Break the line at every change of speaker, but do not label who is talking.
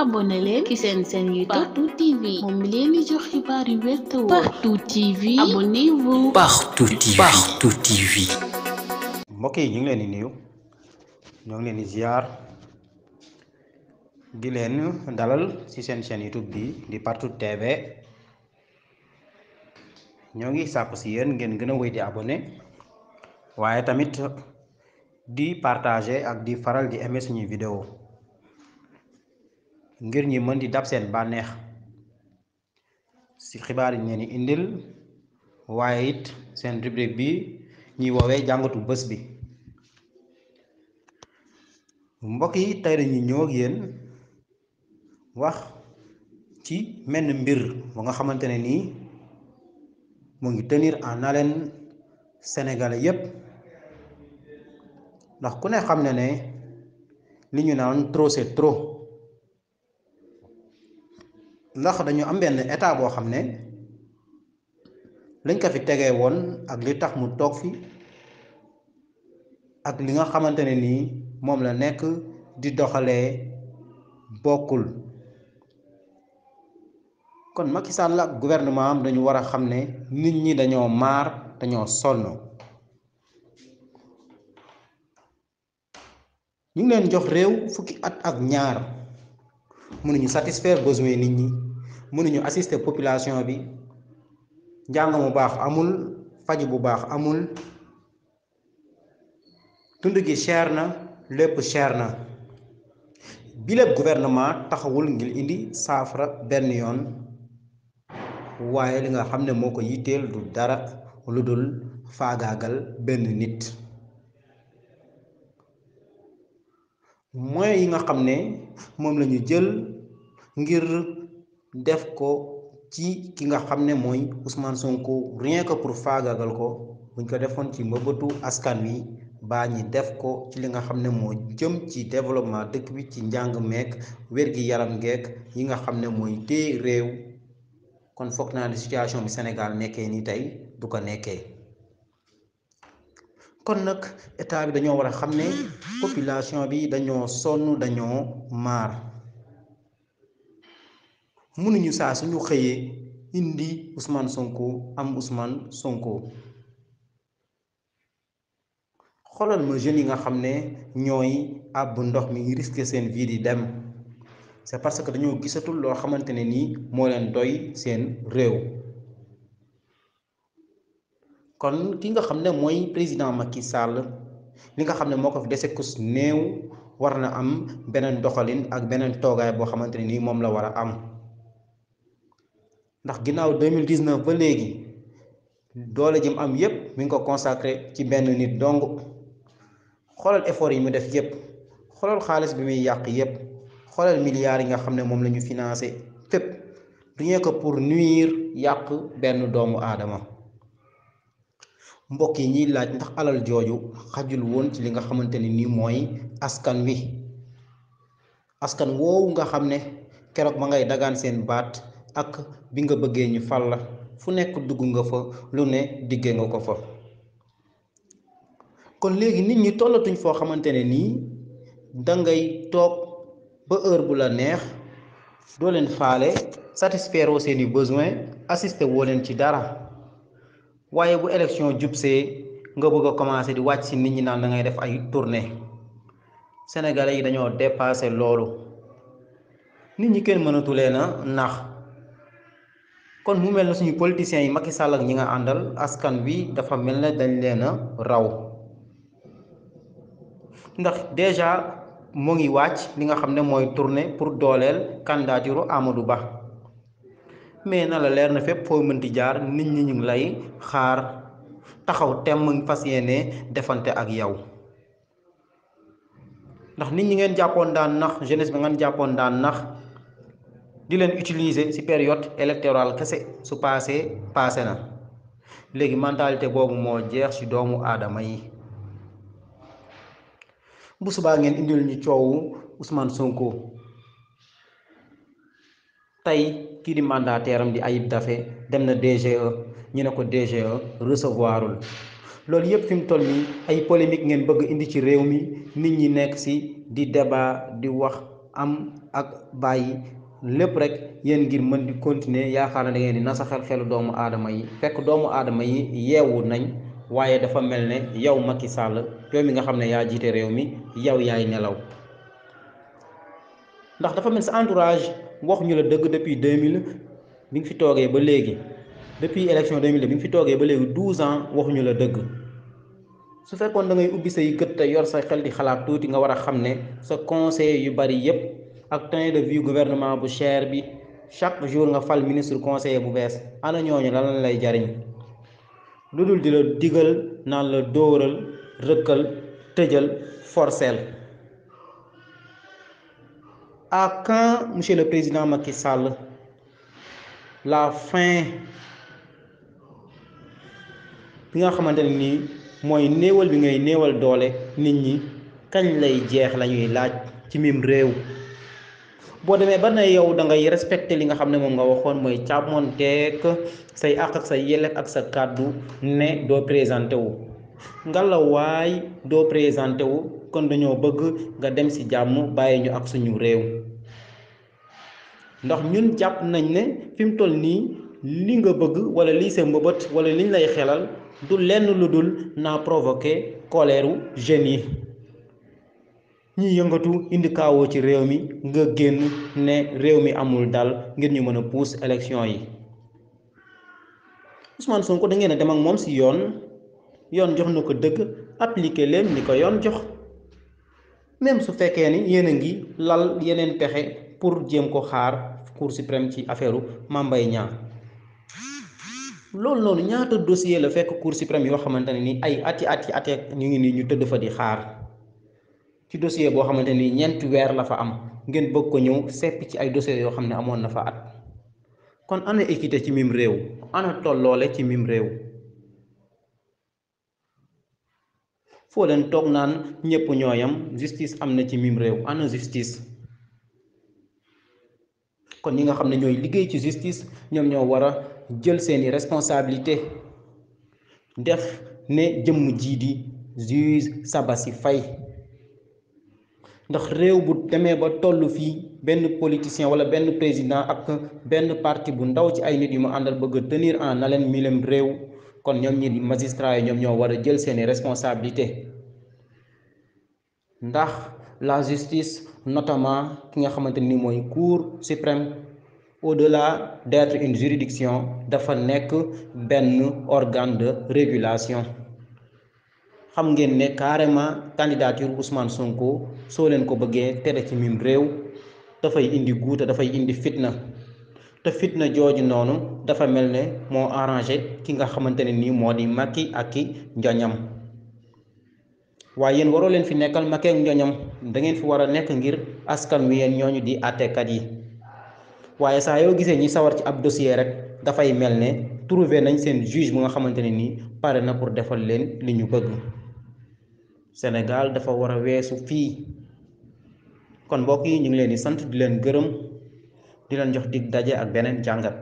abonné leen ci seen seen YouTube Partout moom leen di jox xibaar yu wér te Partout TV abonnez yi ñu ngi leen di nuyu ñoo ngi leen di di leen dalal ci seen seen YouTube bi di Partout TV ñoo ngi sàkku ci yéen ngeen gën a wéy di abonné waaye tamit di partager ak di faral di aimer suñuy vidéo ngir ñi mën di dab seen bànneex ci xibaar yi ñeen indil waaye it seen rubrique bi ñuy woowee jàngatu bés bi mbokk yi tey dañuy ñëw ak wax ci menn mbir mu nga xamante ne nii mu ngi tenir en haleine sénégalais yépp ndax ku ne xam na ne li ñu naan trop c'est trop ndax dañu am benn état boo xam ne lañ ko fi tegee woon ak li tax mu toog fi ak li nga xamante ne nii moom la nekk di doxalee bokkul kon Macky Sall la ak gouvernement am dañu war a xam ne nit ñi dañoo maar dañoo sonn ñu ngi leen jox réew fukki at ak ñaar mënuñu satisfaire besoin nit ñi mënuñu assister population bi njàng mu baax amul faj bu baax amul tund gi cher na lépp cher na biléb gouvernement taxawul ngir indi saafara benn yoon waaye li nga xam ne moo ko yitteel du dara lu dul faagaagal benn nit moyens yi nga xam ne moom lañu jël ngir def ko ci ki nga xam ne mooy Ousmane Sonko rien ko pour faagagal ko buñ ko defoon ci mbëbëtu askan wi baa ñi def ko ci li nga xam ne moo jëm ci développement dëkk bi ci njàng meek wér-gi-yaram geek yi nga xam ne mooy téye réew kon foog naa ne situation bi Sénégal nekkee nii tey du ko nekkee kon nag état bi dañoo war a xam ne population bi dañoo sonn dañoo maar mënuñu saa suñu xëyee indi Ousmane Sonko am Ousmane Sonko xoolal ma jeunes yi nga xam ne ñooy àbb ndox mi risque seen vie di dem c'est parce que dañoo gisatul loo xamante ne nii moo leen doy seen réew kon ki nga xam ne mooy président Macky sàll li nga xam ne moo ko fi dese kus néew war na am beneen doxalin ak beneen toogaay boo xamante ne nii moom la war a am ndax ginnaaw 2019 ba léegi doole ji am yépp mi ngi ko consacré ci benn nit dong xoolal effort yi mu def yépp xoolal xaalis bi muy yàq yépp xoolal milliards yi nga xam ne moom lañu ñu financé fépp rien que pour nuire yàq benn doomu aadama mbokk yi ñiy laaj ndax alal jooju xajul woon ci li nga xamante ni nii mooy askan wi askan woowu nga xam ne keroog ma ngay dagaan seen baat ak bi nga bëggee ñu fal la fu nekk dugg nga fa lu ne diggee nga ko fa kon léegi nit ñi tollatuñ foo xamante ne nii dangay toog ba heure bu la neex doo leen faale satisfaire woo seeni besoin assisté woo leen ci dara waaye bu élection jubsee nga bëgg a commencé di wàcc si nit ñi naan dangay def ay tournée sénégalais yi dañoo dépassé loolu nit ñi kenn mënatu nax kon mu mel na suñu politiciens yi Macky Sall ak ñi nga àndal askan wi dafa mel na dañ leen a raw ndax déjà mu ngi wàcc li nga xam ne mooy tournée pour dooleel candidature Amadou Ba mais na la leer na fépp foo mënti jaar nit ñi ñu lay xaar taxaw temm fas yéene defante ak yow ndax nit ñi ngeen jàppoon daan nax jeunesse bi ngeen jàppoon daan nax di leen utiliser ci période électorale kese su passé passé na léegi mentalité boobu moo jeex ci doomu aadama yi bu subaa ngeen indil ñu coow usman Sonko tey kii di mandataire am di Ayib Daffé dem na DGE ñu ne ko DGE recevoirul loolu yëpp fi mu toll nii ay polémique ngeen bëgg indi ci réew mi nit ñi nekk ci di débat di wax am ak bàyyi lépp rek yéen ngir mën di continuer yaakaar na da ngeen di nasaxal xelu doomu aadama yi fekk doomu aadama yi yeewu nañ waaye dafa mel ne yow i Sall yow mi nga xam ne yaa jiite réew mi yow yaay nelaw ndax dafa mel sa entourage waxuñu la dëgg depuis mille bi nga fi toogee ba léegi depuis élection 2000 bi nga fi toogee ba léegi 12 ans wax la dëgg su fekkoon da ubbi say gët te yor sa xel di xalaat tuuti nga war a xam ne sa conseil yu bari yépp ak train de vie gouvernement bu cher bi chaque jour nga fal ministre conseiller bu bees ana ñooñu lan lañ lay jariñ lu dul di la diggal naan la dóoral rëkkal tëjal forcel à quand monsieur le président Macky sàll la fin bi nga xamante ne nii mooy néewal bi ngay néewal doole nit ñi kañ lay jeex lañuy laaj ci mim réew boo demee ba ne yow dangay ngay respecté li nga xam ne moom nga waxoon mooy càmmonteeg say àq ak say yelleef ak sa kàddu ne doo présenté wu ngelaw waay doo présenté wu kon dañoo bëgg nga dem ci jàmm bàyyi ñu ak suñu réew ndox ñun jàpp nañ ne fi mu toll nii li nga bëgg wala lii sa mbëbët wala liñ lay xelal du lenn lu dul naa provoke koleeru u yi ñu yëngatu indi kaawoo ci réew mi nga génn ne réew mi amul dal ngir ñu mën a puus élection yi Ousmane Sonko da ngeen a dem ak moom si yoon yoon jox na ko dëgg appliqué leen ni ko yoon jox même su fekkee ni yéen a ngi lal yeneen pexe pour jéem ko xaar cour suprême ci affaire Mame Mbaye Niang loolu noonu ñaata dossier la fekk cour suprême yoo xamante ne ni ay ati ati ati ñu ngi nii ñu tëdd fa di xaar. ci dossier boo xamante ni ñeenti weer la fa am ngeen bëgg ko ñëw sepp ci ay dossiers yoo xam ne amoon na fa at kon ana équité ci mim réew ana tolloole ci mim réew foo leen toog naan ñëpp ñooyam justice am na ci mim réew ana justice kon ñi nga xam ne ñooy liggéey ci justice ñoom ñoo war a jël seeni responsabilité def ne jëmm jii di juge Sabassy fay ndax réew bu demee ba toll fii benn politicien wala benn président ak benn parti bu ndaw ci ay nit yu mu àndal bëgg a tenir en haleine milem réew kon ñoom ñi magistrat yi ñoom ñoo war a jël seeni responsabilité ndax la justice notamment ki nga xamante ni mooy cour suprême de la d'être une juridiction dafa nekk benn organe de régulation xam ngeen ne carrément candidature Ousmane Sonko soo leen ko bëggee tere ci mim réew dafay indi guuta dafay indi fitna te fitna jooju noonu dafa mel ne moo arrangé ki nga xamante ne nii moo di Macky ak ki njoñam waaye yéen waroo leen fi nekkal Macky ak njoñam da ngeen fi war a nekk ngir askan wi yéen ñooñu di àttekat yi waaye saa yoo gisee ñi sawar ci ab dossier rek dafay mel ne trouvé nañ seen juge bu nga xamante ne nii pare na pour defal leen li ñu bëgg. Sénégal dafa war a weesu fii kon mbokk yi ñu ngi leen di sant di leen gërëm di leen jox dig daje ak beneen jàngat.